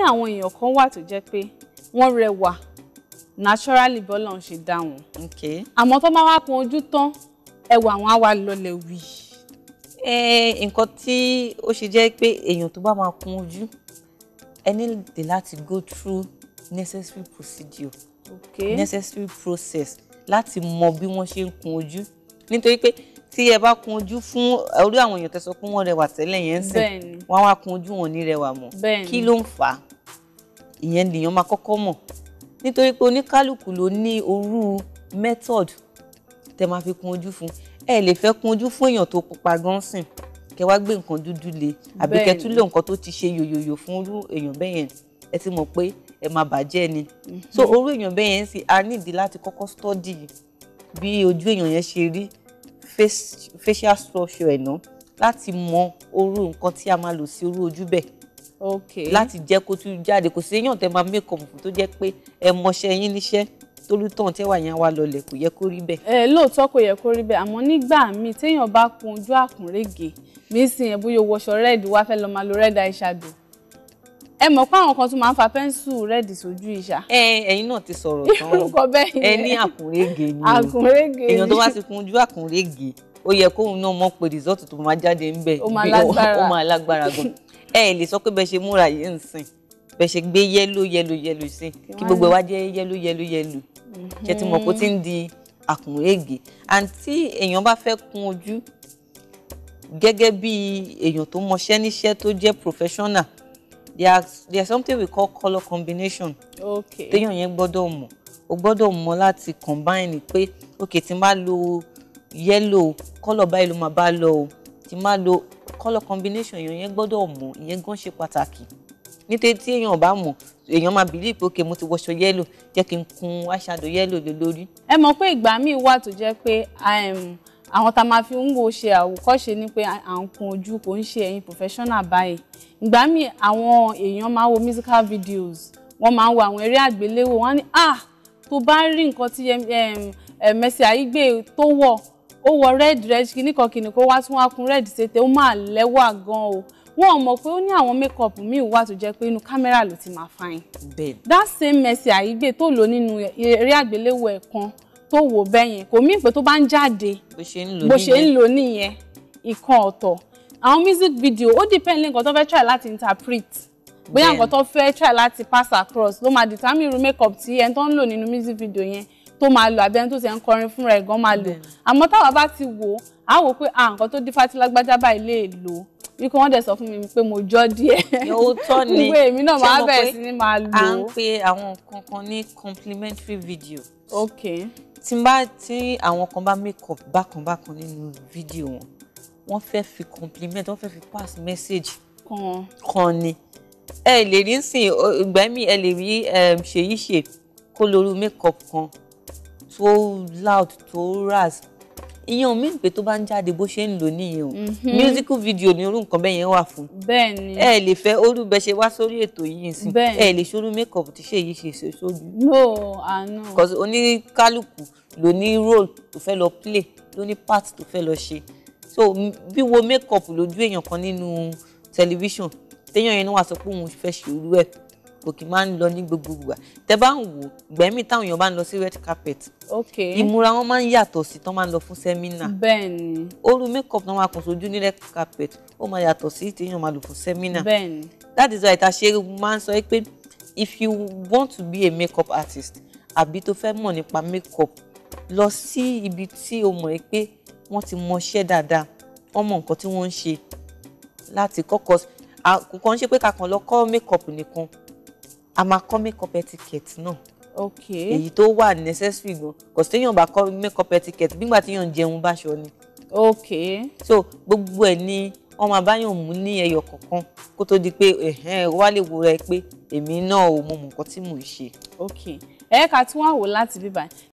ní àwọn èèyàn kan wà tó jẹ́ pé wọ́n rẹwà naturally bọ́lá ń ṣe dá wọn. àmọ́ tó máa wá pọn ojú tán ẹwà wọn á wá lọlẹ̀ wì. nǹkan tí ó ṣe jẹ́ pé èèyàn tó bá máa kun ojú ẹni dè láti go through necessary procedure okay. necessary process láti mọ bí wọ́n ṣe ń kun ojú nítorí pé tí ẹ bá kun ojú fún orí àwọn èèyàn tẹ́ sọ pé wọ́n rẹwà tẹ́lẹ̀ yẹn ń sìn wọ́n á wá kun ojú wọn ní rẹwà mọ́ kí ló ń fà á ìyẹn lèèyàn máa kọ́kọ́ mọ̀ nítorí pé oníkálukú ló ní orú method tẹ máa fi kun ojú fún ẹ lè fẹ́ kun ojú fún èèyàn tó pupa gan sìn kẹ wá gbé nǹkan dúdú le àbí kẹ tún lò nǹkan tó ti ṣe yòyòyò fún irú èèyàn bẹ́ẹ̀ yẹn ẹ ti mọ̀ pé ẹ máa bàjẹ́ ni mhm. so orú èèyàn bẹ́ẹ̀ yẹn sì a nídìí láti kọ́kọ́ study bí ojú èèyàn yẹn ṣe rí facial structure ẹ̀ náà láti mọ orú nǹkan tí a máa lò sí orú ojú bẹ́ẹ̀ láti jẹ́ kó tún jáde kò sí èèyàn tẹ́ máa make up fún tó jẹ́ pé ẹ mọṣẹ́ yín níṣẹ́ tólútàn tẹ́wà yẹn wá lọlẹ̀ kò yẹ kó rí bẹ́ẹ̀. ẹ lóòótọ́ kò yẹ kó rí bẹ́ẹ̀ àmọ́ nígbà míì téèyàn bá kun ojú àkùnrége mí sì yẹn bóyá wọṣọ rẹ́ẹ̀dì wá fẹ́ lọ máa lo rẹ́ẹ̀dì eyeshadow ẹ mọ̀ pé àwọn kan tún máa ń fa pẹ́ńsù rẹ́ẹ̀dì sójú ìṣá. ẹ ẹ̀yin náà ti sọ̀rọ̀ tán irúkọ bẹ́ẹ̀ yẹn ẹ ní àkùnrége ni àkùnrége ni èèyàn tó bá ti kun ojú àkùnrége ó yẹ kóun náà mọ̀ pé rìsọ́ọ̀tù tó máa jáde ńbẹ̀ ẹ lè sọ pé bẹ ṣe múra yìí ń sìn bẹ ṣe gbé yẹ́lò yẹ́lò yẹ́lò sí kí gbogbo wa jẹ́ yẹ́lò yẹ́lò yẹ́lò ṣe ti mọ̀ kó ti ń di àkùnrége àǹtí èèyàn bá fẹ́ kun ojú gẹ́gẹ́ bí èèyàn tó mọṣẹ́ níṣẹ́ tó jẹ́ professional there are something we call colour combination okay téèyàn yẹn gbọ́dọ̀ mọ̀ o gbọ́dọ̀ mọ̀ láti combine pé ok tí n bá lo yellow colour báyìí ló máa bá lọ o tí n bá lo colour combination èèyàn yẹn gbọ́dọ̀ mọ̀ ìyẹn gan ṣe pàtàkì nítorí tí èèyàn bá mọ̀ èèyàn máa bìlí pé òkè mo ti wọṣọ yẹ́lò jẹ́ kí n kun eyeshadow yẹ́lò lé lórí. ẹ mọ̀ pé ìgbà míì wà tó jẹ́ pé ehm, àwọn tá a máa fi ń wo ṣe àwòkọ́ṣe ni pé à ń kun ojú kò ń ṣe ẹ̀yin professional báyìí ìgbà míì àwọn èèyàn máa wo musical videos wọ́n máa ń wo àwọn eré àgbéléwò wọ́n á ní ah tó bá rí nǹkan tí ehm, ehm, Mercy Aigbe tó wọ̀ ó wọ red red kíní kan kíní kó wá tún wá kun red tètè ó máa lẹ́wà gan o wọn ò mọ̀ pé ó ní àwọn makeup míì wà tó jẹ́ pé inú kámẹ́rà ló ti máa fine. bẹ́ẹ̀ that same Mercy Aigbe tó lò nínú eré àgbéléwò ẹ̀ kan tó wò bẹ́yẹn kò mí pé tó bá ń jáde bó ṣe ń lò nìyẹn ìkan ọ̀tọ̀ àwọn music video ó depend lé nǹkan tó fẹ́ try láti interpret bóyá nǹkan tó fẹ́ try láti pass across ló máa determine irú makeup tí ẹni tó ń lò nínú music video yẹn tó máa lò àbí ẹni tó ti ń kọrin fúnra ẹ̀ gan máa lò àmọ́ táwa bá ti wò ó á wò pé à ah, nǹkan tó dí fatilágbájá báyìí lè lò ó wípé wọ́n sọ fún mi pé mo jọ́ díẹ̀ òótọ́ ni wípé ni máa lò ó. à ń pe àwọn nǹkan kan ní complimentary video. ok tí bá tí àwọn kan bá make up bákanbákan nínú fídíò wọn wọ́n fẹ́ fi compliment wọ́n fẹ́ fi pass message kan ni ẹ lè rí sìn ìgbà mi ẹ lè rí ehm, ṣèyí ṣe kó lóru make up kan So loud tó ras ìyẹn mi pé tó bá ń jáde bó ṣe ń lò nìyẹn o mhm. musical video ni orú nǹkan bẹ́ẹ̀ yẹn wà fún le ẹ lè be orú bẹ́ẹ̀ ṣe wá sórí ètò yìí sí ẹ lè ṣorú make up tí ṣe yìí ṣe ṣe sójú. no àánú. cause oníkálukú ló ní role to fẹ́ lo play ló ní part tó fẹ́ lọ ṣe so bí wo make up lójú èèyàn kan nínú television. téèyàn yẹn wà so pé òun fẹ́ ṣe irú ẹ̀ kò máa ń lọ ní gbogbo ìgbà tẹ bá ń wò gbẹ̀mí táwọn èèyàn bá ń lọ sí red carpet okay. ìmúra wọn máa ń yàtọ̀ sí tán máa ń lọ fún sẹ́mínà bẹ́ẹ̀ni oru makeup náà máa kàn sójú ní red carpet ó máa yàtọ̀ sí téèyàn máa lò fún sẹ́mínà that is why ta ṣe máa ń sọ pé if you want to be a makeup artist àbí tó fẹ́ mọ̀ nípa makeup lọ sí ibi tí o mọ̀ pé wọ́n ti mọṣẹ́ dáadáa wọ́n mọ nǹkan tí wọ́n ń ṣe láti kọ́kọ́ kò ń ṣe pé kakàn lọ kọ́ makeup nìkan a máa kọ́ makeup etiquette náà. ok èyí tó wà necessary gan kò sí téèyàn bá kọ́ makeup etiquette bí ìgbà téèyàn ń jẹun báṣọ ni. ok so gbogbo ẹ̀ ni wọ́n máa báyàn mú ní ẹyọ kọ̀ọ̀kan kó tó di pé wá lè wo rẹ pé èmi náà ò mọ nǹkan tí mò ń ṣe. ok ẹ̀ka tí wọ́n á wò láti bíbá